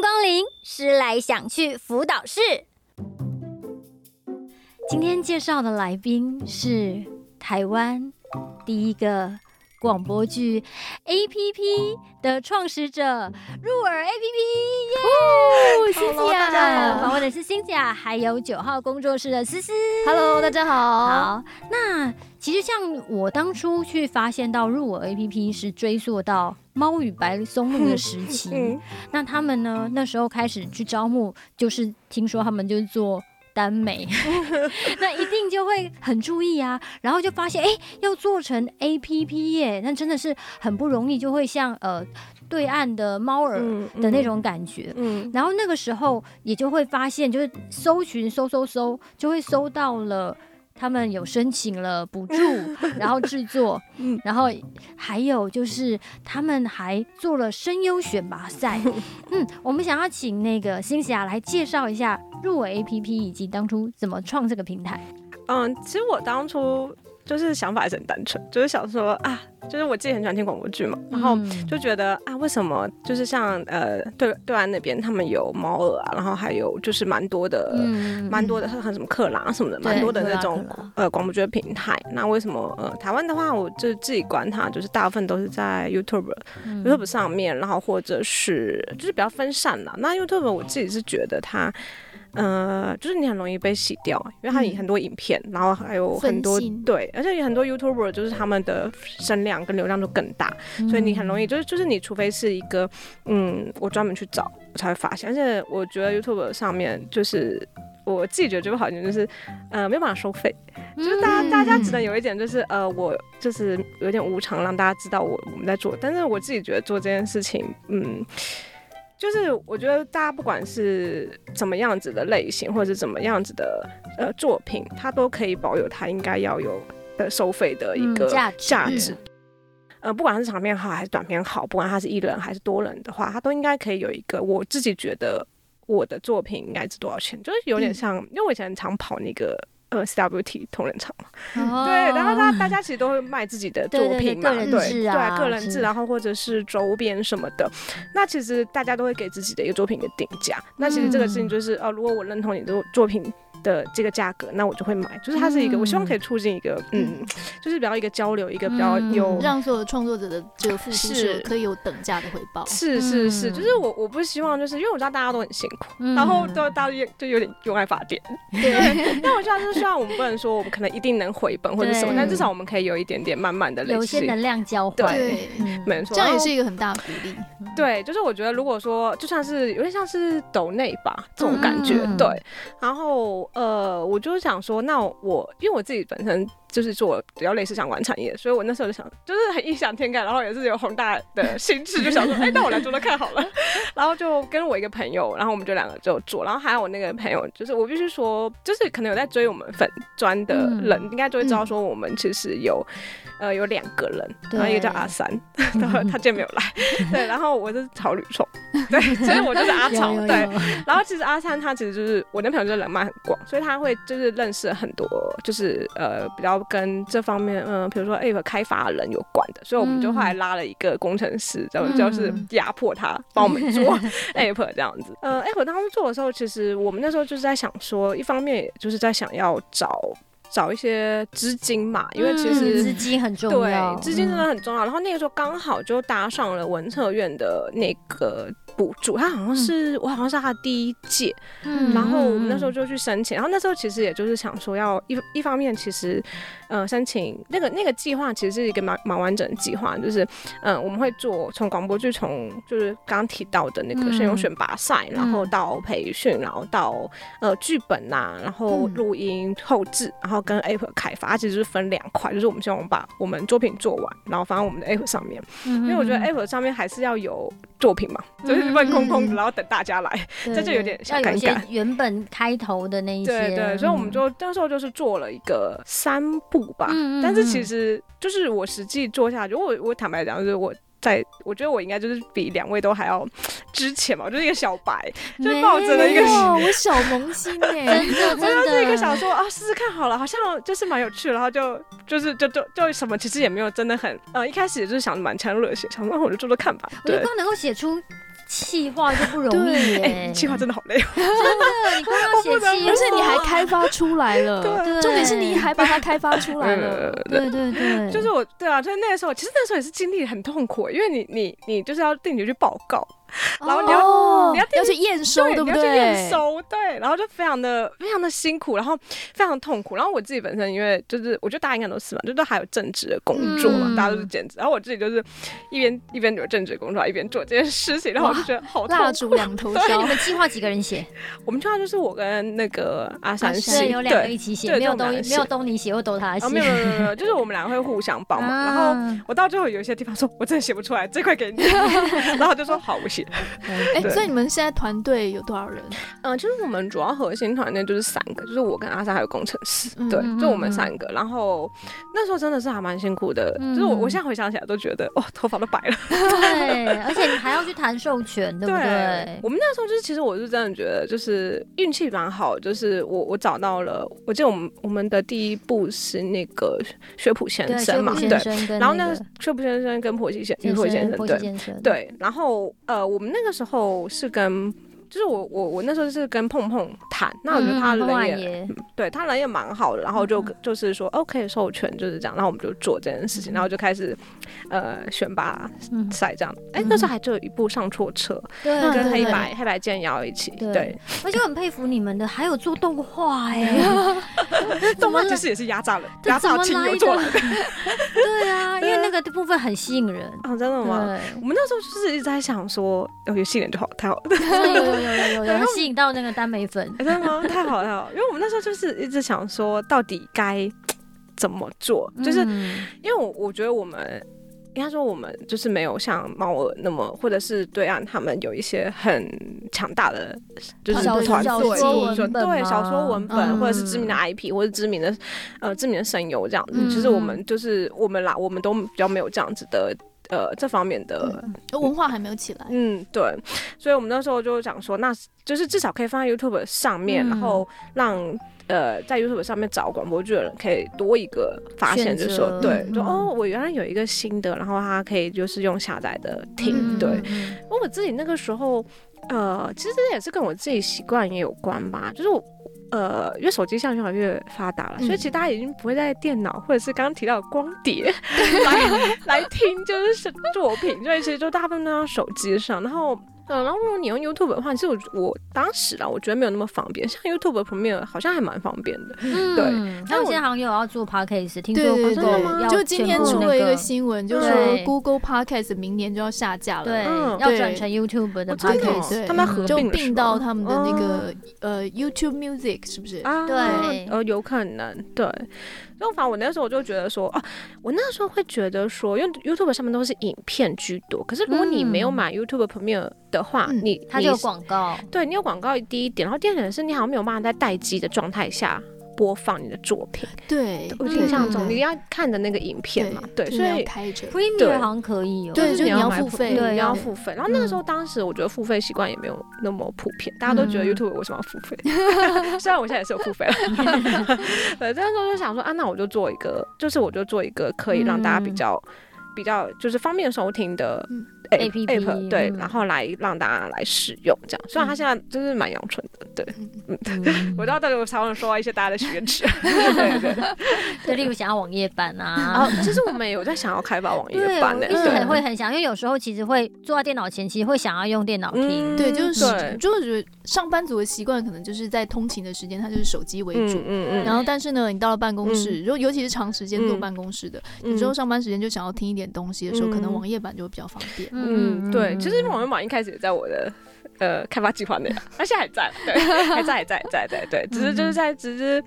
光臨獅來想去腐導室，今天介紹的來賓是台灣第一個廣播劇 A P P 的創始者入耳 A P P。耶！Cynthia！我訪問的是 Cynthia 還有九號工作室的思思。Hello，大家好。好，那其實像我當初去發現到入耳 A P P 是追溯到。貓與白松露的時期， 那他們呢？那時候開始去招募，就是聽說他們就做耽美， 那一定就會很注意啊，然後就發現，哎、欸，要做成 APP，耶，那真的是很不容易，就會像呃對岸的貓耳的那種感覺。嗯嗯嗯、然後那個時候也就會發現，就是搜尋搜搜搜，就會搜到了。他們有申請了補助， 然後製作， 嗯、然後還有就是他們還做了聲優選拔賽。 嗯，我們想要請那個 Cynthia 來介紹一下入耳 APP 以及當初怎麼創這個平台。嗯，其實我當初。就是想法還是很單純，就是想說啊，就是我自己很喜歡聽廣播劇嘛，嗯、然後就覺得啊，為什麼就是像呃，對對岸那邊他們有貓耳啊，然後還有就是蠻多的，嗯、蠻多的很、嗯、什麼克拉什麼的，對蠻多的那種克拉克拉呃廣播劇的平台。那為什麼呃台灣的話，我就自己觀察，就是大部分都是在 YouTube、嗯、YouTube 上面，然後或者是就是比較分散的。那 YouTube 我自己是覺得它。呃，就是你很容易被洗掉，因為它有很多影片，嗯、然後還有很多心對，而且有很多 YouTuber，就是他們的聲量跟流量都更大，嗯、所以你很容易就是就是，就是、你除非是一個嗯，我專門去找我才會發現，而且我覺得 YouTuber 上面就是我自己覺得最不好的一點就是呃沒有辦法收費，嗯、就是大家大家只能有一點就是呃我就是有點無償讓大家知道我我們在做，但是我自己覺得做這件事情嗯。就是我覺得大家不管是怎麼樣子的類型，或者怎麼樣子的呃作品，它都可以保有它應該要有的收費的一個價值。嗯，價值嗯、呃，不管是長篇好還是短篇好，不管它是一人還是多人的話，它都應該可以有一個。我自己覺得我的作品應該值多少錢，就是有點像，嗯、因為我以前常跑那個。呃，CWT 同人場，oh. 對，然後他大家其實都會賣自己的作品嘛，對，對，對，啊、對，對，個人誌，然後或者是周邊什麼的。是那其實大家都會給自己的一個作品的定價。嗯、那其實這個事情就是，哦、呃，如果我認同你的作品。的這個價格，那我就會買。就是它是一個，我希望可以促進一個，嗯，就是比較一個交流，一個比較有讓所有創作者的這個付出可以有等價的回報。是是是，就是我我不希望就是因為我知道大家都很辛苦，然後都大家就有點用愛發電。對，但我希望就是希望我們不能說我們可能一定能回本或者什麼，但至少我們可以有一點點慢慢的累積，有些能量交換。對，沒錯，這樣也是一個很大的鼓勵。對，就是我覺得如果說就算是有點像是抖內吧這種感覺，對，然後。呃，我就是想說，那我因為我自己本身，就是做比較類似想玩產業，所以我那時候就想，就是很異想天開，然後也是有宏大的心智，就想說，哎、欸，那我來做做看好了。然後就跟我一個朋友，然後我們就兩個就做。然後還有我那個朋友，就是我必須說，就是可能有在追我們粉專的人，嗯、應該就會知道說，我們其實有，嗯、呃，有兩個人，然後一個叫阿三對，然後 他竟然沒有來。對，然後我就是草履蟲。對，所以我就是阿草。對。然後其實阿三他其實就是我那朋友，就是人脈很廣，所以他會就是認識很多，就是呃比較。跟這方面，嗯、呃，比如說 App、e、開發人有關的，所以我們就後來拉了一個工程師，這樣、嗯、就是壓迫他幫我們做 App、e、這樣子。嗯、 呃，App 當時做的時候，其實我們那時候就是在想說，一方面也就是在想要找找一些資金嘛，因為其實資、嗯、金很重要，對，資金真的很重要。嗯、然後那個時候剛好就搭上了文策院的那個。補助，他好像是、嗯、我好像是他第一屆，嗯、然後我們那時候就去申請，然後那時候其實也就是想說要一一方面其實。嗯、呃，申請那個那個計劃其實是一個蠻蠻完整的計劃，就是嗯，我們會做從廣播劇從就是剛提到的那個選角選拔賽，嗯、然後到培訓，然後到呃劇本吶、啊，然後錄音後製，嗯、然後跟 App 開發，啊、其實是分兩塊，就是我們希望我們把我們作品做完，然後放在我們的 App 上面，嗯、哼因為我覺得 App 上面還是要有作品嘛，嗯、哼就是半空空然後等大家來，嗯、哼這就有點像有些原本開頭的那一些，對對，嗯、所以我們就那時候就是做了一個三部。吧，嗯嗯嗯，但是其實就是我實際做下如果我，我坦白講，就是我在，我覺得我應該就是比兩位都還要之前嘛，我就是一個小白，有就是抱着一個哇，我小萌新哎、欸， 真的我就是一個小說啊，試試看好了，好像就是蠻有趣的，然後就就是就就就什麼，其實也沒有真的很，呃、一開始就是想滿腔熱血，想那我就做做看吧，對我就光能夠寫出。企劃就不容易，欸，企劃，欸、真的好累， 真的，你光要寫企劃，而且你還開發出來了，對對重點是你還把它開發出來了，呃、對對對，就是我，對啊，就是那個時候，其實那時候也是經歷很痛苦，欸，因為你你你就是要定期去報告。然後你要你要要去驗收，對，要去驗收對，然後就非常的非常的辛苦，然後非常痛苦。然後我自己本身因為就是，我覺得大家應該都是嘛，就都還有正職的工作嘛，大家都是兼職。然後我自己就是一邊一邊有正職工作，一邊做這件事情，然後我就覺得好痛苦。兩頭燒，你們計劃幾個人寫？我們計劃就是我跟那個阿山對，有兩個一起寫，沒有東沒有東尼寫，或東他寫，沒有沒沒有，有，就是我們兩個會互相幫忙。然後我到最後有一些地方說，我真的寫不出來，這塊給你，然後我就說好，我寫。所以你們現在團隊有多少人？嗯、呃，其實我們主要核心團隊就是三個，就是我跟阿莎還有工程師，對，嗯嗯嗯，就我們三個。然後那時候真的是還蠻辛苦的，嗯嗯，就是我我現在回想起來都覺得，哇、哦，頭髮都白了。對， 而且你還要去談授權，對不 對？對，我們那時候就是，其實我是真的覺得，就是運氣蠻好，就是我我找到了。我記得我們我們的第一部是那個薛普先生嘛，對，生那個、對。然後那個薛普先生跟婆媳先，玉身婆先生，對，對，然後呃。我們那個時候是跟。就是我我我那時候是跟碰碰談，那我覺得他人也對他人也蠻好的，然後就就是說 OK 授權就是這樣，然後我們就做這件事情，然後就開始呃選拔賽這樣。哎，那時候還就有一部上錯車，跟黑白黑白劍妖一起。對，我就很佩服你們的，還有做動畫哎，動畫其實也是壓榨人，壓榨親友出來。對啊，因為那個部分很吸引人啊，真的嗎？我們那時候就是一直在想說，有吸引人就好，太好了。 有，有有有有吸引到那個耽美粉， 真、欸、的嗎？太好了，因為我們那時候就是一直想說，到底該怎麼做？嗯、就是因為我我覺得我們應該說我們就是沒有像貓耳那麼，或者是對岸他們有一些很強大的就是團隊、啊，對，說說對小說文本、嗯、或者是知名的 IP 或者知名的呃知名的聲優這樣，子。其實、嗯、我們就是我們啦，我們都比較沒有這樣子的。呃，這方面的文化還沒有起來。嗯，對，所以我們那時候就想說，那就是至少可以放在 YouTube 上面，嗯、然後讓呃，在 YouTube 上面找廣播劇的人可以多一個發現的時候，就是說，對，就哦，嗯、我原來有一個新的，然後它可以就是用下載的聽。嗯、對，我自己那個時候，呃，其實這也是跟我自己習慣也有關吧，就是我。呃，因為手機現在越來越發達了，嗯、所以其實大家已經不會在電腦或者是剛剛提到的光碟 來 來聽，就是作品這些 其實就大部分都在手機上，然後。對，然後如果你用 YouTube 的話，其實我我當時啦，我覺得沒有那麼方便。像 YouTube Premiere 好像還蠻方便的，對。那現在好像有要做 Podcast，聽說 Google 就今天出了一個新聞，就說 Google Podcast 明年就要下架了，對，要轉成 YouTube 的 Podcast，他們合併到他們的那個呃 YouTube Music 是不是？對，哦，有可能，對。就反正我那時候我就覺得說哦、啊，我那時候會覺得說，因為 YouTube 上面都是影片居多。可是如果你沒有買 YouTube Premium 的話，嗯、你它就有廣告，你對你有廣告第一，第一點。然後第二點是，你好像沒有辦法在待機的狀態下。播放你的作品。對，我印象中你要看的那個影片嘛。對，所以對，好像可以哦，你要付費，你要付費。然後那個時候，當時我覺得付費習慣也沒有那麼普遍，大家都覺得 YouTube 為什麼要付費？雖然我現在也是有付費了。對，那時候就想說，啊，那我就做一個，就是我就做一個可以讓大家比較比較就是方便收聽的。APP 對，然後來讓大家來使用這樣，雖然它現在真的蠻陽春的，對，嗯，對，我知道在有採訪說一些大家的需求，對就例如想要網頁版啊，其實我們有在想要開發網頁版的。一直很會很想，因為有時候其實會坐在電腦前，其實會想要用電腦聽，對，就是就是覺得上班族的習慣可能就是在通勤的時間，它就是手機為主，然後但是呢，你到了辦公室，如果尤其是長時間坐辦公室的，有時候上班時間就想要聽一點東西的時候，可能網頁版就會比較方便。嗯，對，其實《毛絨毛》一開始也在我的呃開發計劃內，而且、 啊、在還在，對還，在還，在還在，還在，在在對，只是就是在，只是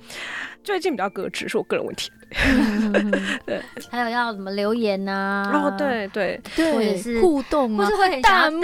最近比較擱置，是我個人問題。嗯、 對，還有要怎麼留言啊？哦，對對對，是對互動，啊是會彈幕。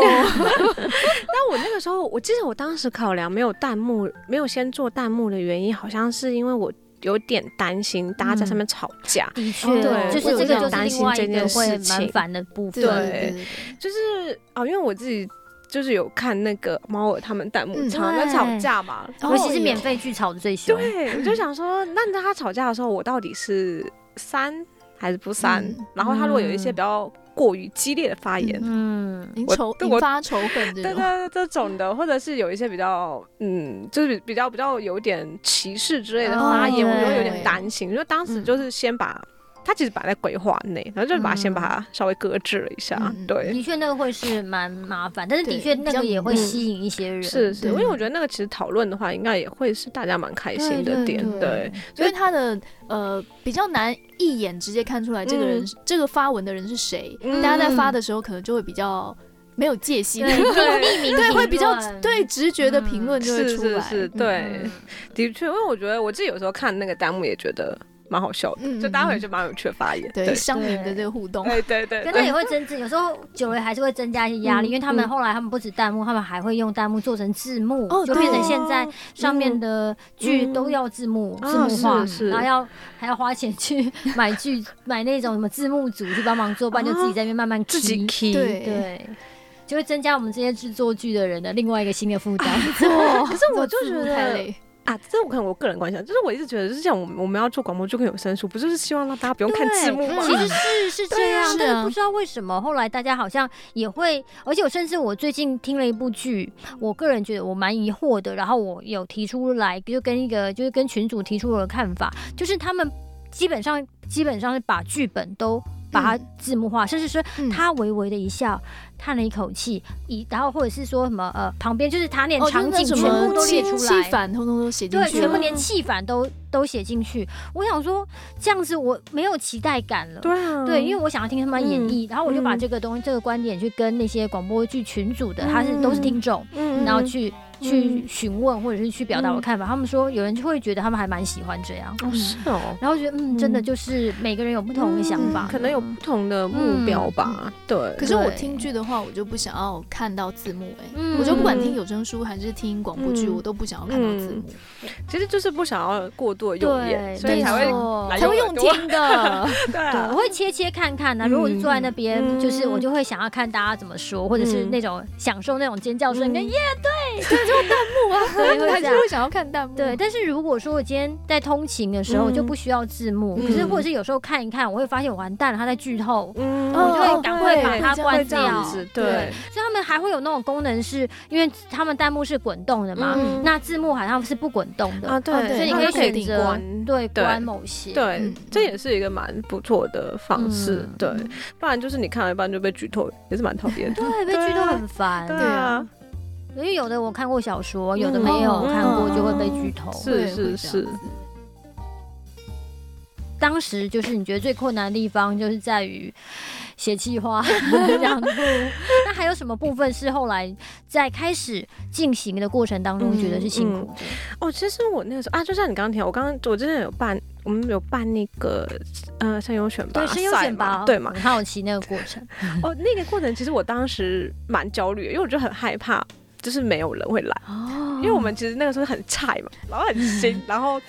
但我那個時候，我記得我當時考量沒有彈幕，沒有先做彈幕的原因，好像是因為我。有點擔心大家在上面吵架，的確、嗯，哦、對就是這個擔心另外一件會蠻煩的部分。對，就是啊、哦，因為我自己就是有看那個貓耳他們彈幕常常在吵架嘛，我對尤其是免費劇吵的最凶、欸哦。對，我就想說，那他吵架的時候，我到底是刪還是不刪？嗯、然後他如果有一些比較。過於激烈的發言，嗯，嗯我仇我引發仇恨，對對， 這種的，或者是有一些比較，嗯，就是比，比較比較有點歧視之類的發言，哦、我就有點擔心。因為、哦哦、當時就是先把、嗯。嗯他其實擺在規劃內，然後就是把先把它稍微擱置了一下。對，的確那個會是蠻麻煩，但是的確那個也會吸引一些人。是，是，因為我覺得那個其實討論的話，應該也會是大家蠻開心的點。對，所以他的呃比較難一眼直接看出來這個人這個發文的人是誰。大家在發的時候可能就會比較沒有戒心，如果匿名，對，會比較對直覺的評論就會出來。對，的確，因為我覺得我自己有時候看那個彈幕也覺得。蠻好笑的，就大家也就蠻有趣的發言，對，鄉民的這個互動，對對對，可能也會增值，有時候久了還是會增加一些壓力，因為他們後來他們不止彈幕，他們還會用彈幕做成字幕，哦，就變成現在上面的劇都要字幕字幕化，然後要還要花錢去買劇買那種什麼字幕組去幫忙做，不然，就自己在那邊慢慢自己 key 對，就會增加我們這些製作劇的人的另外一個新的負擔，可是我就覺得。啊，這我看我個人關係，就是我一直覺得，就是像我們我們要做廣播劇跟有聲書，不是就是希望讓大家不用看字幕嗎？其實是是這樣的， 啊、是不知道為什麼後來大家好像也會，而且我甚至我最近聽了一部劇，我個人覺得我蠻疑惑的，然後我有提出來，就跟一個就是跟群主提出了看法，就是他們基本上基本上是把劇本都把它字幕化，嗯、甚至說他微微的一下。嘆了一口氣，一，然後或者是說什麼呃，旁邊就是他連場景、哦就是、全部都列出來，氣氛通通都寫進去，對，全部連氣氛都、啊、都寫進去。我想說這樣子我沒有期待感了，對、啊，對，因為我想要聽他們演繹，嗯、然後我就把這個東西、嗯、這個觀點去跟那些廣播劇群組的，他、嗯、是都是聽眾，嗯、然後去。去詢問或者是去表達我看法，他們說有人就會覺得他們還蠻喜歡這樣，哦是哦，然後覺得嗯真的就是每個人有不同的想法，可能有不同的目標吧，對。可是我聽劇的話，我就不想要看到字幕，哎，我覺得不管聽有聲書還是聽廣播劇，我都不想要看到字幕，其實就是不想要過度用眼，所以才會才會用聽的，對，我會切切看看呢。如果你坐在那邊，就是我就會想要看大家怎麼說，或者是那種享受那種尖叫聲跟樂隊，就彈幕啊，還是會想要看彈幕。對，但是如果說我今天在通勤的時候就不需要字幕，可是或者是有時候看一看，我會發現完蛋了，他在劇透，嗯，我就會趕快把它關掉。對，所以他們還會有那種功能，是因為他們彈幕是滾動的嘛，那字幕好像是不滾動的，對，所以你可以選擇對關某些。對，這也是一個蠻不錯的方式。對，不然就是你看了一半就被劇透，也是蠻討厭的。對，被劇透很煩。對啊。因為有的我看過小說，有的沒有看過就會被劇透。嗯哦、會是是是。當時就是你覺得最困難的地方，就是在於寫企劃，這樣子。那還有什麼部分是後來在開始進行的過程當中，覺得是辛苦的、嗯嗯、哦，其實我那個時候啊，就像你剛剛提到，我剛剛我之前有辦，我們有辦那個呃聲優選拔，聲優選拔吧對嘛，很好奇那個過程。 哦，那個過程其實我當時蠻焦慮的，因為我就很害怕。就是沒有人會來，哦、因為我們其實那個時候很菜嘛，然後很新， 然後。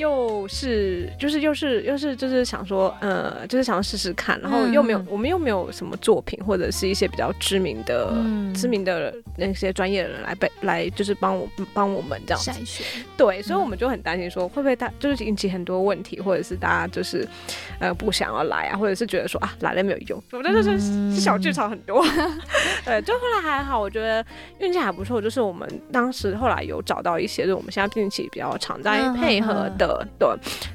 又是就是又是又是就是想說，呃，就是想試試看，然後又沒有，嗯、我們又沒有什麼作品或者是一些比較知名的、嗯、知名的那些專業的人來背來，就是幫我幫我們這樣子。下對，所以我們就很擔心說，嗯、會不會大就是引起很多問題，或者是大家就是，呃，不想要來啊，或者是覺得說啊，來了沒有用。我覺得就是，是小劇場很多，呃、嗯， 就後來還好，我覺得運氣還不錯，就是我們當時後來有找到一些，就我們現在近期比較常在配合的、啊。啊呃，對，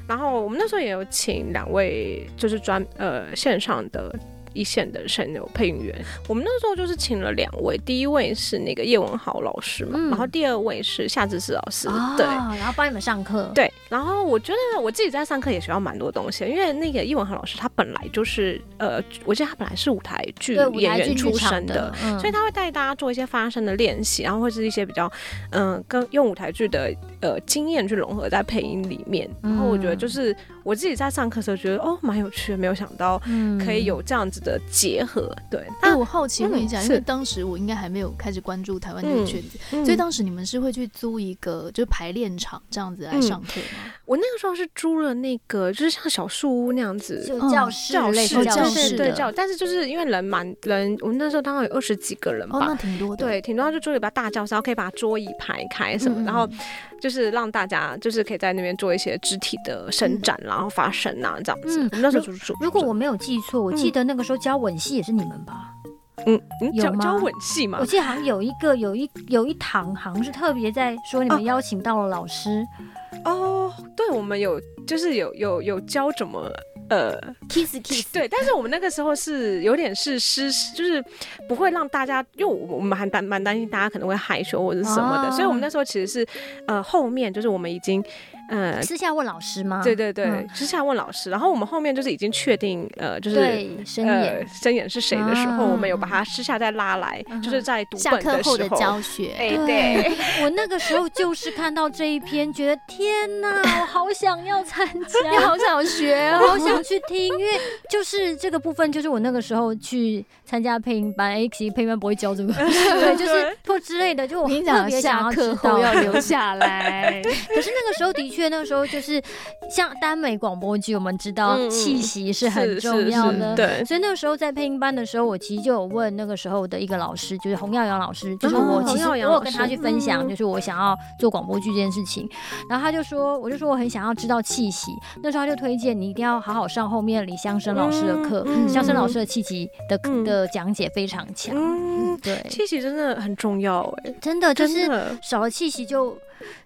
然後我們那時候也有請兩位，就是專，呃，線上的。一線的聲優配音員，我們那時候就是請了兩位，第一位是那個葉文豪老師嘛，嗯、然後第二位是夏志士老師，哦、對，然後幫你們上課，對，然後我覺得我自己在上課也學到蠻多東西，因為那個葉文豪老師他本來就是呃，我覺得他本來是舞台劇演員出身的，的嗯、所以他會帶大家做一些發聲的練習，然後或是一些比較嗯、呃，跟用舞台劇的呃經驗去融合在配音裡面，然後我覺得就是。嗯我自己在上課時候覺得哦蠻有趣的，沒有想到可以有這樣子的結合。對，但我好奇問一下，因為當時我應該還沒有開始關注台灣的圈子，所以當時你們是會去租一個就是排練場這樣子來上課嗎？我那個時候是租了那個就是像小樹屋那樣子教室，教室，教室，對，教但是就是因為人蠻，人，我們那時候大概有二十幾個人吧，那挺多的，對，挺多，就租了一把大教室，然後可以把桌椅排開什麼，然後就是讓大家就是可以在那邊做一些肢體的伸展啦。然後發神吶，這樣子。我們那時候如果我沒有記錯，我記得那個時候教吻戲也是你們吧？嗯，嗯有嗎？教，教吻戲嗎？我記得好像有一個，有一有一堂，好像是特別在說你們邀請到了老師、啊、哦。對，我們有，就是有有有教怎麼呃，kiss kiss。對，但是我們那個時候是有點是私，就是不會讓大家，因為我們還蠻蠻擔心大家可能會害羞或者什麼的，啊、所以我們那時候其實是呃，後面就是我們已經。嗯，呃、私下問老師嗎？對對對，嗯、私下問老師。然後我們後面就是已經確定，呃，就是對深呃，聲演是誰的時候，啊、我們有把他私下再拉來，啊、就是在讀本的時候的教學。對，對，對，我那個時候就是看到這一篇， 覺得天哪，我好想要參加， 你好想學，好想去聽， 因為就是這個部分，就是我那個時候去。參加配音班，哎、欸，其實配音班不會教這個， 對，就是 或之類的，就我很特別想要知道。下課都要留下來。可是那個時候的確，那個時候就是像耽美廣播劇，我們知道氣息是很重要的，嗯、對，所以那個時候在配音班的時候，我其實就有問那個時候的一個老師，就是洪耀陽老師，就是我其實我跟他去分享，嗯、就是我想要做廣播劇這件事情，然後他就說，我就說我很想要知道氣息，那時候他就推薦你一定要好好上後面李香生老師的課，香、嗯嗯、生老師的氣息的、嗯、的。的講解非常強，嗯嗯、對，氣息真的很重要哎、欸，真的，真的就是少了氣息就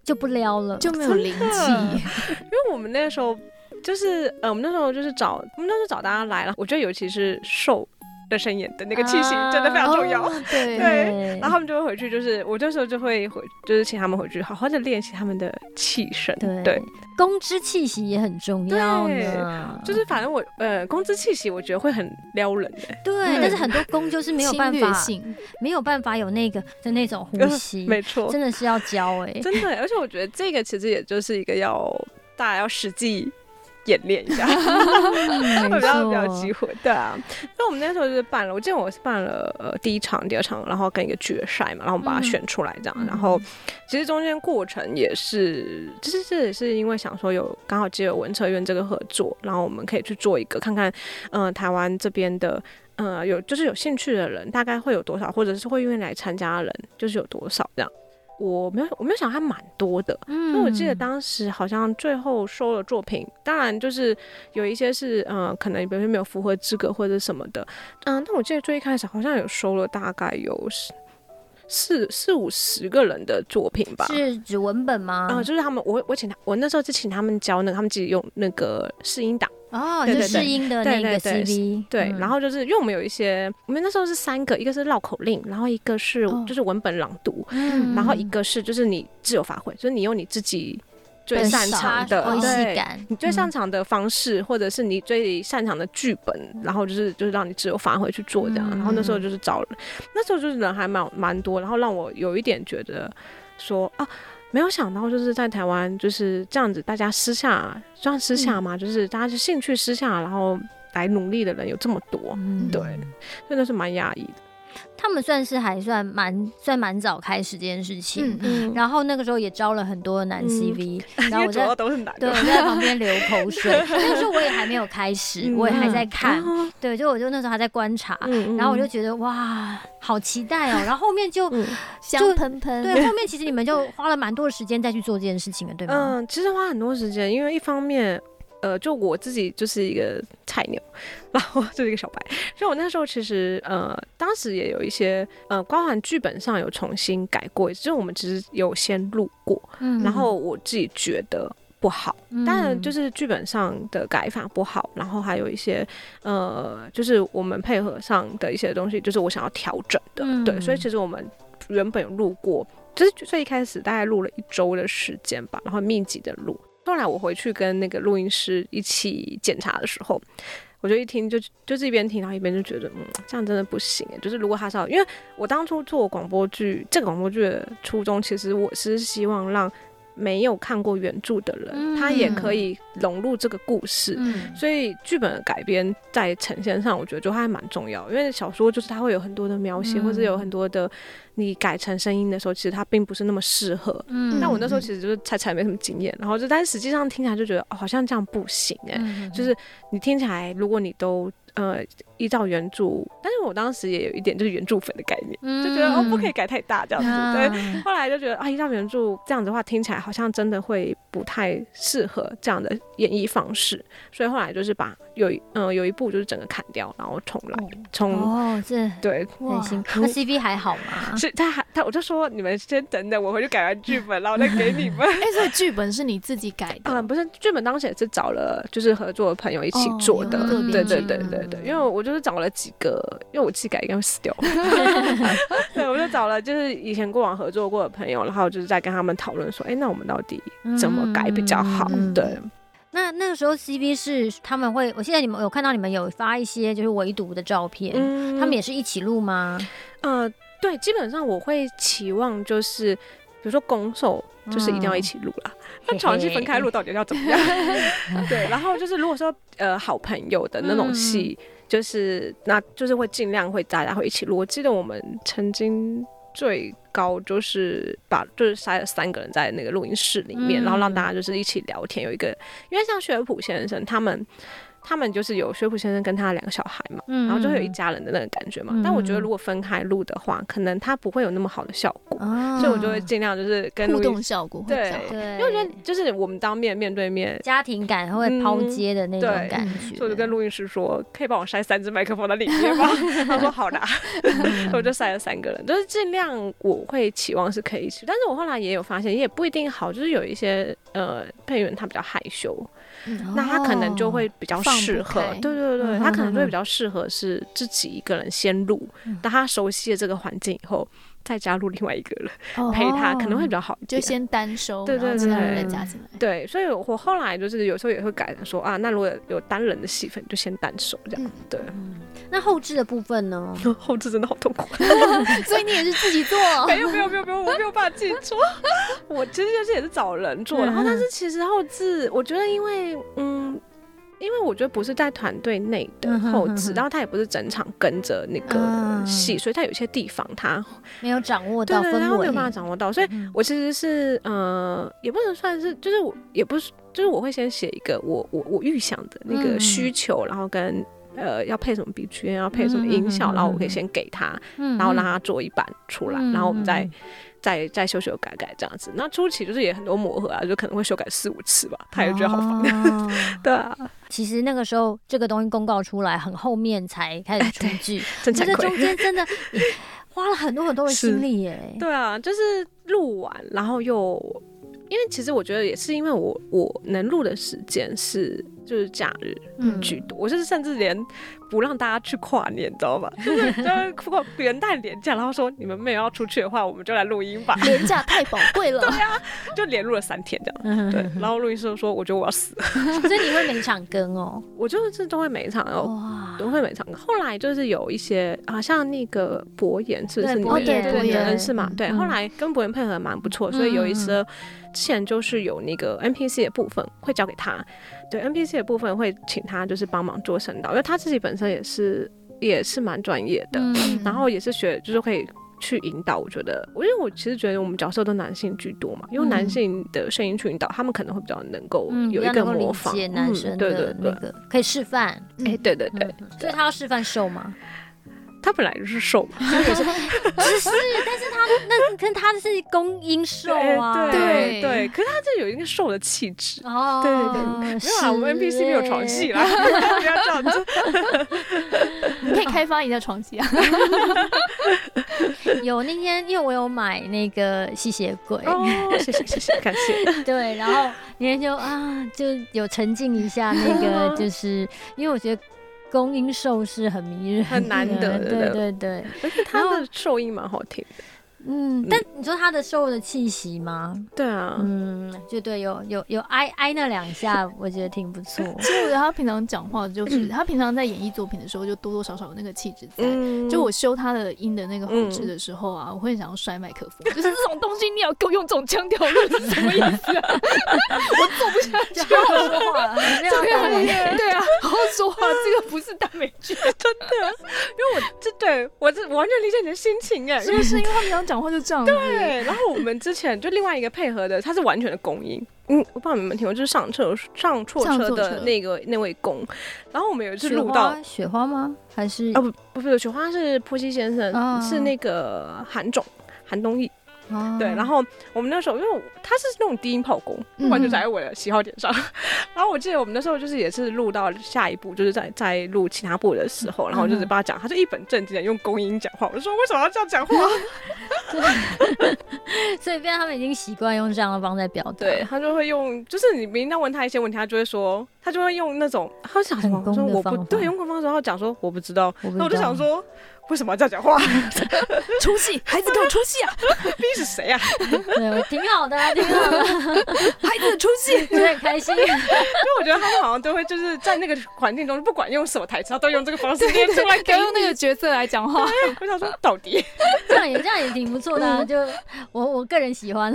就不撩了，就沒有靈氣的。 因為我們那時候就是呃，我們那時候就是找我們那時候找大家來了，我覺得尤其是瘦。的聲音的那個氣息真的非常重要，啊哦，對對。然後他們就會回去，就是我這時候就會回，就是請他們回去好好的練習他們的氣聲。對，對，攻之氣息也很重要，對，就是反正我呃，攻之氣息我覺得會很撩人，欸。對，對，但是很多攻就是沒有辦法，沒有辦法有那個的那種呼吸，嗯、沒錯，真的是要教哎，欸， 真的。而且我覺得這個其實也就是一個要大家要實際。演練一下， 比較比較機會，對啊。所以我們那時候就是辦了，我記得我是辦了呃第一場、第二場，然後跟一個決賽嘛，然後我們把它選出來這樣。然後其實中間過程也是，其實這也是因為想說有剛好接了文策院這個合作，然後我們可以去做一個看看，嗯，台灣這邊的，嗯，有就是有興趣的人大概會有多少，或者是會願意來參加的人就是有多少這樣。我沒有，我沒有想還蠻多的，因為、嗯、我記得當時好像最後收了作品，當然就是有一些是，嗯、呃，可能有些沒有符合資格或者什麼的，嗯，但我記得最一開始好像有收了大概有四四四五十個人的作品吧。是指文本嗎？嗯、呃，就是他們，我我請他，我那時候就請他們教那個，他們自己用那個試音檔。哦，就試音的那個 CV。對，然後就是因為我們有一些，我們那時候是三個，一個是繞口令，然後一個是就是文本朗讀，然後一個是就是你自由發揮，就是你用你自己最擅長的，對，你最擅長的方式，或者是你最擅長的劇本，然後就是就是讓你自由發揮去做這樣。然後那時候就是找，那時候就是人還蠻蠻多，然後讓我有一點覺得說啊。沒有想到，就是在台灣就是這樣子，大家私下，算私下嘛，嗯、就是大家是興趣私下，然後來努力的人有這麼多，對，嗯、真的是蠻壓抑的。他們算是還算蠻算蠻早開始這件事情，然後那個時候也招了很多男 CV，然後我在旁邊流口水，那個時候我也還沒有開始，我也還在看，對，就我就那時候還在觀察，然後我就覺得哇，好期待哦，然後後面就香噴噴，對，後面其實你們就花了蠻多的時間再去做這件事情的，對嗎？嗯，其實花很多時間，因為一方面。呃，就我自己就是一個菜鳥，然後就是一個小白，所以我那時候其實，呃，當時也有一些，呃，包含劇本上有重新改過一次，就是我們其實有先錄過，嗯、然後我自己覺得不好，當然就是劇本上的改法不好，嗯、然後還有一些，呃，就是我們配合上的一些東西，就是我想要調整的，嗯、對，所以其實我們原本有錄過，就是最一開始大概錄了一周的時間吧，然後密集的錄。後來我回去跟那個錄音師一起檢查的時候，我就一聽就就是一邊聽，然後一邊就覺得，嗯，這樣真的不行欸。就是如果他是好，因為我當初做廣播劇，這個廣播劇的初衷其實我是希望讓沒有看過原著的人，他也可以融入這個故事。嗯，所以劇本的改編在呈現上，我覺得就還蠻重要。因為小說就是它會有很多的描寫，或者有很多的。你改成聲音的時候，其實它並不是那麼適合。嗯，但我那時候其實就是才才沒什麼經驗，嗯、然後就但是實際上聽起來就覺得、哦、好像這樣不行誒、欸，嗯、就是你聽起來如果你都呃依照原著，但是我當時也有一點就是原著粉的概念，就覺得哦不可以改太大這樣子，嗯、對。嗯、後來就覺得啊依照原著這樣子的話，聽起來好像真的會不太適合這樣的演繹方式，所以後來就是把。有嗯，有一部就是整個砍掉，然後重來，重，哦，對，很那 CV 還好嗎？是他還他，我就說你們先等等，我回去改完劇本然後再給你們。哎，所以劇本是你自己改的？不是，劇本當時也是找了就是合作的朋友一起做的，對對對對對。因為我就是找了幾個，因為我自己改應該會死掉。對，我就找了就是以前過往合作過的朋友，然後我就是在跟他們討論說，哎，那我們到底怎麼改比較好？對。那那個時候，CV 是他們會，我現在你們有看到你們有發一些就是圍讀的照片，嗯、他們也是一起錄嗎？呃，對，基本上我會期望就是，比如說攻受就是一定要一起錄啦。嗯、那床戲分開錄到底要怎麼樣？對，然後就是如果說呃好朋友的那種戲，嗯、就是那就是會尽量會大家會一起錄。我記得我們曾經最。高就是把，就是塞了三個人在那個錄音室裡面，嗯，然後讓大家就是一起聊天。有一個，因為像雪普先生他們。他們就是有薛普先生跟他兩個小孩嘛，嗯、然後就會有一家人的那個感覺嘛。嗯、但我覺得如果分開錄的話，可能他不會有那麼好的效果，嗯、所以我就會盡量就是跟 is, 互動效果會比較好。對對因為我覺得就是我們當面面對面，家庭感會拋接的那種感覺。嗯、所以我就跟錄音師說，可以幫我塞三隻麥克風在裡面嗎？ 他說好的， 我就塞了三個人，就是盡量我會期望是可以一起，但是我後來也有發現，也不一定好，就是有一些呃配員他比較害羞。那他可能就會比較適合，哦、對對對，他可能就會比較適合是自己一個人先錄，嗯、當他熟悉了這個環境以後。再加入另外一個人，oh, 陪他，可能會比較好，就先單收，對對對，嗯、其他人再加什麼？對，所以我後來就是有時候也會改說，說啊，那如果有單人的戲份，就先單收這樣。嗯、對、嗯，那後置的部分呢？後置真的好痛苦， 所以你也是自己做？ 沒有沒有沒有沒有，我沒有辦法自己做。 我其實就是也是找人做，然後但是其實後置，我覺得因為嗯。因為我覺得不是在團隊內的後製，嗯、哼哼哼然後他也不是整場跟着那個戲，嗯、所以他有些地方他沒有掌握到對的，對，他沒有辦法掌握到。所以，我其實是、嗯、哼呃，也不能算是，就是我也不是，就是我會先寫一個我我我預想的那個需求，嗯、哼然後跟呃要配什麼 BGM，要配什麼音效，嗯、哼哼然後我可以先給他，嗯、哼然後讓他做一版出來，嗯、哼哼然後我們再。再再修修改改這樣子，那初期就是也很多磨合啊，就可能會修改四五次吧，他也覺得好煩、啊。 對啊，其實那個時候這個東西公告出來很後面才開始出劇，這個、欸、中間真的花了很多很多的心力耶、欸。對啊，就是錄完然後又。因為其實我覺得也是，因為我我能錄的時間是就是假日居多，嗯、我就是甚至連不讓大家去跨年，知道吧？就是過元旦連假，然後說你們沒有要出去的話，我們就來錄音吧。連假太寶貴了。 對呀、啊，就連錄了三天這樣。對，然後錄音師就說：“我覺得我要死。”可是你會每場跟哦？我就是都會每一場哦，哇都會每場跟。後來就是有一些，好、啊、像那個博言是不是？你對對對對，博言是嘛？嗯、對。後來跟博言配合蠻不錯，嗯、所以有一次。之前就是有那個 NPC 的部分會交給他，對 NPC 的部分會請他就是幫忙做聲導，因為他自己本身也是也是蠻專業的，嗯、然後也是學就是可以去引導。我覺得，因為我其實覺得我們角色都男性居多嘛，因為男性的聲音去引導，他們可能會比較能夠有一個模仿，嗯，男生那個、嗯，對對對，可以示範，哎、嗯欸，對對對，對，對，所以他要示範秀嗎？他本來就是受嘛，只是，但是他那跟他是公英受啊，對對，可是他就有一個受的氣質哦，對對對，沒我們 NPC 沒有床戲啊，不要這樣子，你可以開發一下床戲啊，有那天因為我有買那個吸血鬼，謝謝謝謝，感謝，對，然後那天就啊，就有沉浸一下那個，就是因為我覺得。公英獸是很迷人，很難得的，對對對，而且他的獸音蠻好聽的。嗯，但你說他的時候的氣息嗎？對啊，嗯，就對，有有有挨挨那兩下，我覺得挺不錯。其實我覺得他平常講話，就是他平常在演繹作品的時候就多多少少有那個氣質在。就我修他的音的那個後期的時候啊，我會很想要摔麥克風。可是這種東西，你要給我用這種腔調錄是什麼意思啊？我做不下去，好好說話，不要對啊，好好說話，這個不是耽美劇，真的。因為我這對我這完全理解你的心情哎，是不是因為他們要。講話就這樣對，然後我們之前就另外一個配合的，他 是完全的公音。嗯，我不知道你們聽過？就是上車上錯車的那個、那個、那位公，然後我們有一次錄到雪花，雪花嗎？還是啊不不是雪花，是坡西先生，啊、是那個韓總韓東義。啊、對，然後我們那時候因為他是那種低音炮攻，完全在我的喜好點上。嗯、哼然後我記得我們那時候就是也是錄到下一步，就是在在錄其他部的時候，嗯、哼然後就是把他講，他就一本正經的用攻音講話，我就說為什麼要這樣講話？ 對 所以，變他們已經習慣用這樣的方式表達，對，他就會用，就是你平常問他一些問題，他就會說，他就會用那種他就想什麼我，我不，對，我不對，用工方，的時候講說我不知道，那我，我就想說。為什麼要這樣講話？出戲，孩子搞出戲啊！B 是誰啊？ 對，挺好的、啊，挺好的。 孩子出戲，就很 開心。因為 我覺得他們好像都會，就是在那個環境中，不管用什麼台詞，都用這個方式念出來，對對對，都用那個角色來講話對對對對。我想說，到底 這樣也這樣也挺不錯的、啊，就我我個人喜歡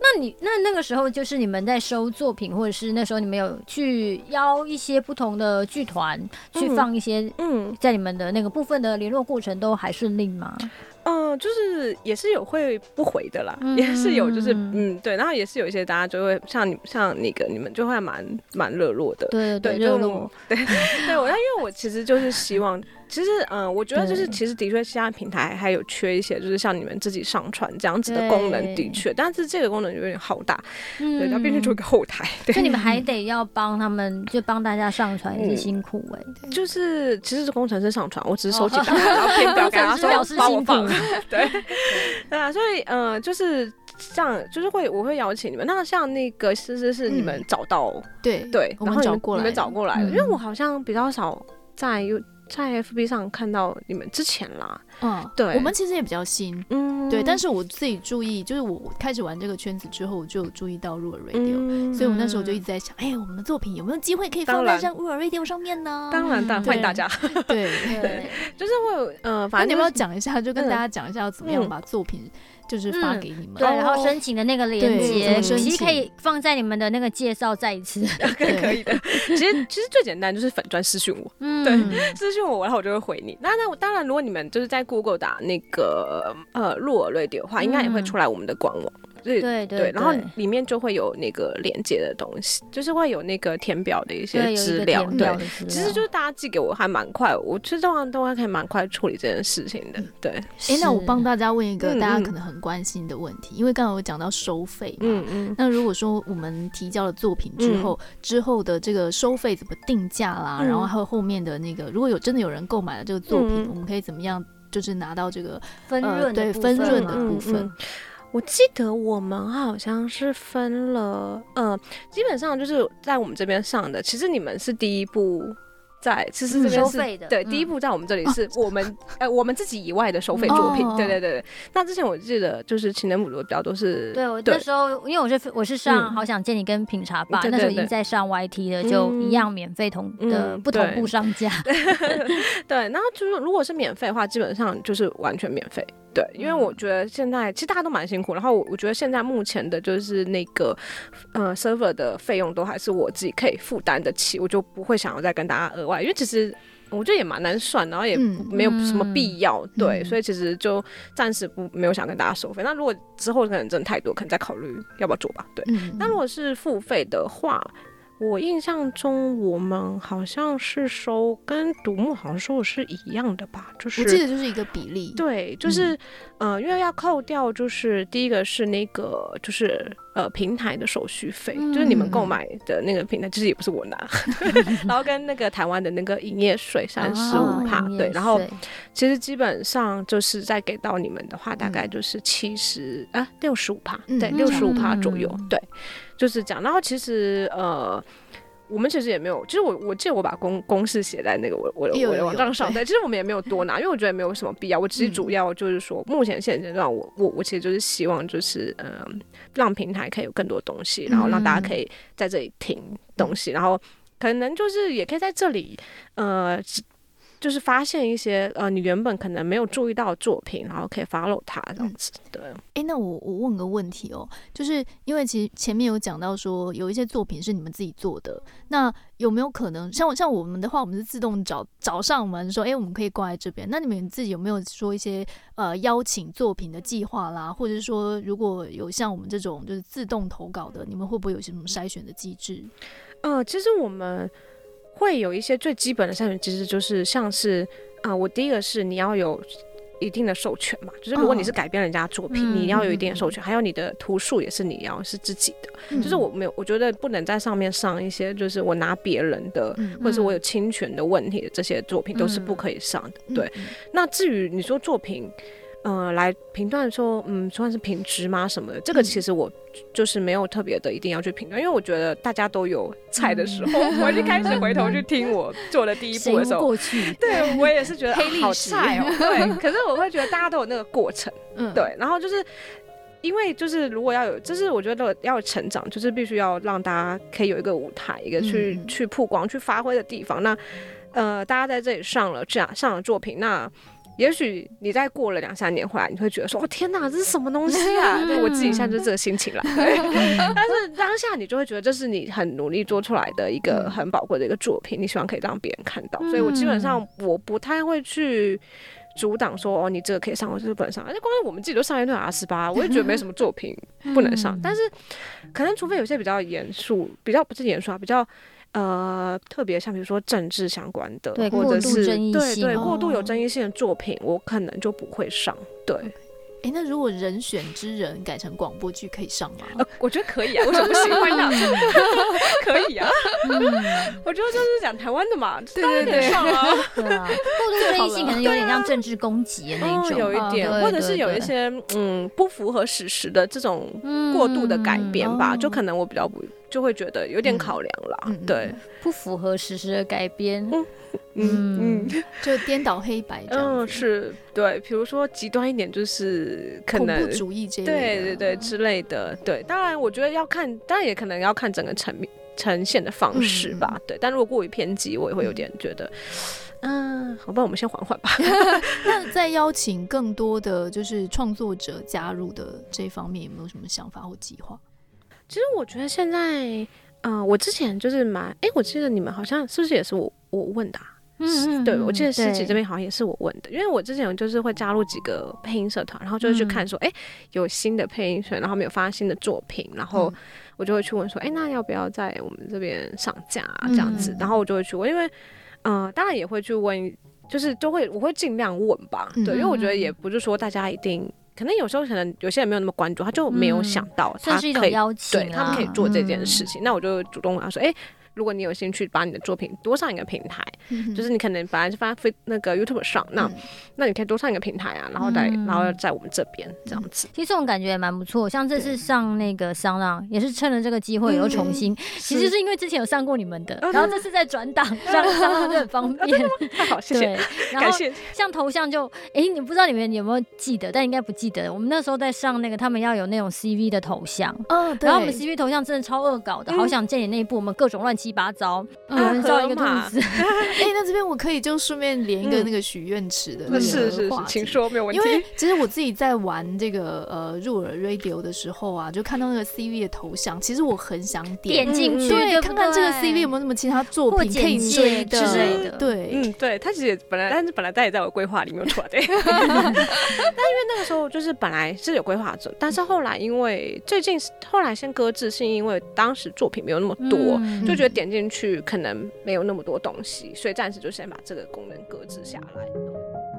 那你那那個時候，就是你們在收作品，或者是那時候你們有去邀一些不同的劇團去放一些嗯，嗯，在你們。的那個部分的聯絡過程都還順利嗎？嗯、呃，就是也是有會不回的啦，嗯嗯嗯嗯也是有就是嗯對，然後也是有一些大家就會像你像那個你們就會蠻蠻熱絡的，對對熱對就 對我但 因為我其實就是希望。其實，嗯，我覺得就是，其實的確，其他平台還有缺一些，就是像你們自己上傳這樣子的功能，的確，但是這個功能有點好大，對，它必須做一個後台。所以你們還得要幫他們，就幫大家上傳也是辛苦哎。就是，其實是工程師上傳，我只是收集他然後填表格，給大家要幫我放。對，對啊，所以，嗯，就是這樣，就是會，我會邀請你們。那像那個其實是，你們找到，對對，然後你們過來，你們找過來，因為我好像比較少在又。在 FB 上看到你們之前啦，嗯、哦，對，我們其實也比較新，嗯，對。但是我自己注意，就是我開始玩這個圈子之後，我就有注意到入耳 Radio，所以，我們那時候就一直在想，哎、欸，我們的作品有沒有機會可以放在像入耳 Radio 上面呢？當然，大、嗯、歡迎大家。對，對對對 就是我，嗯、呃，反正、就是、你要不要講一下，就跟大家講一下要怎麼樣把作品。嗯嗯就是發給你們，嗯、對，oh, 然後申請的那個鏈接，其實對可以放在你們的那個介紹再一次，對嗯、可以的。 其實其實最簡單就是粉專私信我，嗯、對，私信我，然後我就會回你。那那當然，當然如果你們就是在 Google 打那個呃入耳 Radio 的話，應該也會出來我們的官網。嗯對，對對對，然後裡面就會有那個連接的東西，就是會有那個填表的一些資料。對，有一個填表的資料。對，其實就是大家寄給我還蠻快，我其實我都還可以蠻快處理這件事情的。對，哎是、欸，那我幫大家問一個大家可能很關心的問題，嗯嗯，因為剛才我講到收費嘛，嗯嗯，那如果說我們提交了作品之後，嗯、之後的這個收費怎麼定價啦？嗯、然後還有後面的那個，如果有真的有人購買了這個作品，嗯、我們可以怎麼樣？就是拿到這個分潤、啊呃，對分潤的部分。嗯嗯我記得我們好像是分了，呃，基本上就是在我們這邊上的。其實你們是第一部在,其實這邊是收費的，對第一部在我們這裡是我們，呃，我們自己以外的收費作品。對對對對。那之前我記得就是情人母的比較多是。對，我那時候因為我是我是上《好想見你》跟《品茶吧》，那時候已經在上 YT 了，就一樣免費同的不同步上架。對，那，就是如果是免費的話，基本上就是完全免費。對，因為我覺得現在其實大家都蠻辛苦，然後我覺得現在目前的就是那個，呃，Server 的費用都還是我自己可以負擔得起，我就不會想要再跟大家額外，因為其實我覺得也蠻難算，然後也沒有什麼必要，嗯、對，嗯、所以其實就暫時不沒有想跟大家收費。嗯、那如果之後可能掙太多，可能再考慮要不要做吧，對。那、嗯、如果是付費的話。我印象中，我們好像是收跟獨木好像收的是一樣的吧，就是我記得就是一個比例，對，就是，嗯、呃，因為要扣掉，就是第一個是那個就是。呃，平台的手續費、嗯、就是你們購買的那個平台，其、就、實、是、也不是我拿，嗯、 然後跟那個台灣的那個營業稅三十五趴，哦、對，然後其實基本上就是在給到你們的話，大概就是七十、嗯、啊六十五趴，65嗯、對，六十五趴左右，嗯、對，就是這樣。然後其實呃。我們其實也沒有，其實我我記得我把公公式寫在那個我我的我的網站上，但其實我們也沒有多拿，因為我覺得沒有什麼必要。我只是主要就是說，目前現階段，嗯、我我我其實就是希望就是嗯、呃，讓平台可以有更多東西，然後讓大家可以在這裡聽東西，嗯、然後可能就是也可以在這裡呃。就是發現一些呃，你原本可能沒有注意到的作品，然後可以 follow 他這樣子。對，哎、嗯，欸，那我我問個問題哦，就是因為其實前面有講到說有一些作品是你們自己做的，那有沒有可能像我像我們的話，我們是自動找找上門說，哎、欸，我們可以掛在這邊。那你們自己有沒有說一些呃邀請作品的計劃啦，或者說如果有像我們這種就是自動投稿的，你們會不會有些什麼篩選的機制？呃，其實我們。會有一些最基本的篩選機制，就是像是啊、呃，我第一個是你要有一定的授權嘛，就是如果你是改編人家作品，Oh, 你要有一定的授權，嗯、還有你的圖數也是你要是自己的，嗯、就是我沒有，我覺得不能在上面上一些，就是我拿別人的，嗯、或者是我有侵權的問題的這些作品都是不可以上的。嗯、對，嗯、那至於你說作品。嗯、呃，來評斷說，嗯，算是品質嗎？什麼的？這個其實我就是沒有特別的一定要去評斷，因為我覺得大家都有菜的時候。嗯、我就開始回頭去聽我做的第一部的時候，過去對我也是覺得黑歷史、啊、好菜哦。對，可是我會覺得大家都有那個過程，嗯、對。然後就是因為就是如果要有，就是我覺得要成長，就是必須要讓大家可以有一個舞台，一個去去曝光、去發揮的地方。那呃，大家在這裡上了這樣上了作品，那。也許你再過了兩三年回來，你會覺得說：“哦天哪，這是什麼東西啊！” 對，我自己現在是就這個心情了。 但是當下你就會覺得這是你很努力做出來的一個很寶貴的一個作品，嗯、你希望可以讓別人看到。所以我基本上我不太會去阻擋說：“哦，你這個可以上，我這個不能上。”而且光是我們自己都上了一段 R18，我也覺得沒什麼作品不能上。嗯、但是可能除非有些比較嚴肅，比較不是嚴肅啊，比較。呃，特別像比如說政治相關的，或者是對對過度有爭議性的作品，我可能就不會上。對，哎，那如果《人選之人》改成廣播劇可以上嗎？我覺得可以啊，我就不喜歡啊，可以啊，我覺得就是講台灣的嘛，對對對。上啊。對啊，過度爭議性可能有點像政治攻擊的那種，有一點，或者是有一些嗯不符合史實的這種過度的改編吧，就可能我比較不。就會覺得有點考量了，嗯、對，不符合實時,時的改編、嗯，嗯嗯，就顛倒黑白嗯，是，對，比如說極端一點就是可能恐怖主義這類的、啊，對對對之類的，對，當然我覺得要看，當然也可能要看整個呈呈現的方式吧，嗯、對，但如果過於偏激，我也會有點覺得，嗯，好吧，我們先緩緩吧、嗯。 那在邀請更多的就是創作者加入的這方面，有沒有什麼想法或計劃？其實我覺得現在，嗯、呃，我之前就是蠻、欸、我記得你們好像是不是也是我我問的、啊？嗯，嗯，對，我記得師姐這邊好像也是我問的，對因為我之前就是會加入幾個配音社團，然後就會去看說，誒、嗯欸，有新的配音社，然後沒有發新的作品，然後我就會去問說，誒、嗯欸，那要不要在我們這邊上架、啊、這樣子？嗯、然後我就會去問，因為，嗯、呃，當然也會去問，就是都會我會盡量問吧，對，嗯、因為我覺得也不是說大家一定。可能有時候，可能有些人沒有那麼關注，他就沒有想到，他可以、嗯是一種啊、對他們可以做這件事情。嗯、那我就主動問他說：“哎、欸。”如果你有興趣，把你的作品多上一個平台，就是你可能本來就發飛那個 YouTube 上，那那你可以多上一個平台啊，然後在然後要在我們這邊這樣子，其實這種感覺也蠻不錯。像這次上那個聲浪，也是趁着這個機會又重新，其實是因為之前有上過你們的，然後這是在轉檔，這樣子就很方便，太好笑了。對。然後像頭像就哎，你不知道你們有沒有記得，但應該不記得。我們那時候在上那個，他們要有那種 CV 的頭像，然後我們 CV 頭像真的超惡搞的，好想見你那一部，我們各種亂。七八糟，按照，嗯、嘛一個樣子。哎、 欸，那這邊我可以就順便連一個那個許願池的那個，嗯、那是，是是是，請說沒有問題。因為其實我自己在玩這個呃入耳 Radio 的時候啊，就看到那個 CV 的頭像，其實我很想點進去看看這個 CV 有沒有什麼其他作品，可以追之類的、的、就是。對，嗯，對，他其實也本來但是本來他也在我規劃裡面出來的， 但因為那個時候就是本來是有規劃的，但是後來因為最近後來先擱置，是因為當時作品沒有那麼多，嗯嗯、就覺得。點進去可能沒有那麼多東西，所以暫時就先把這個功能擱置下來。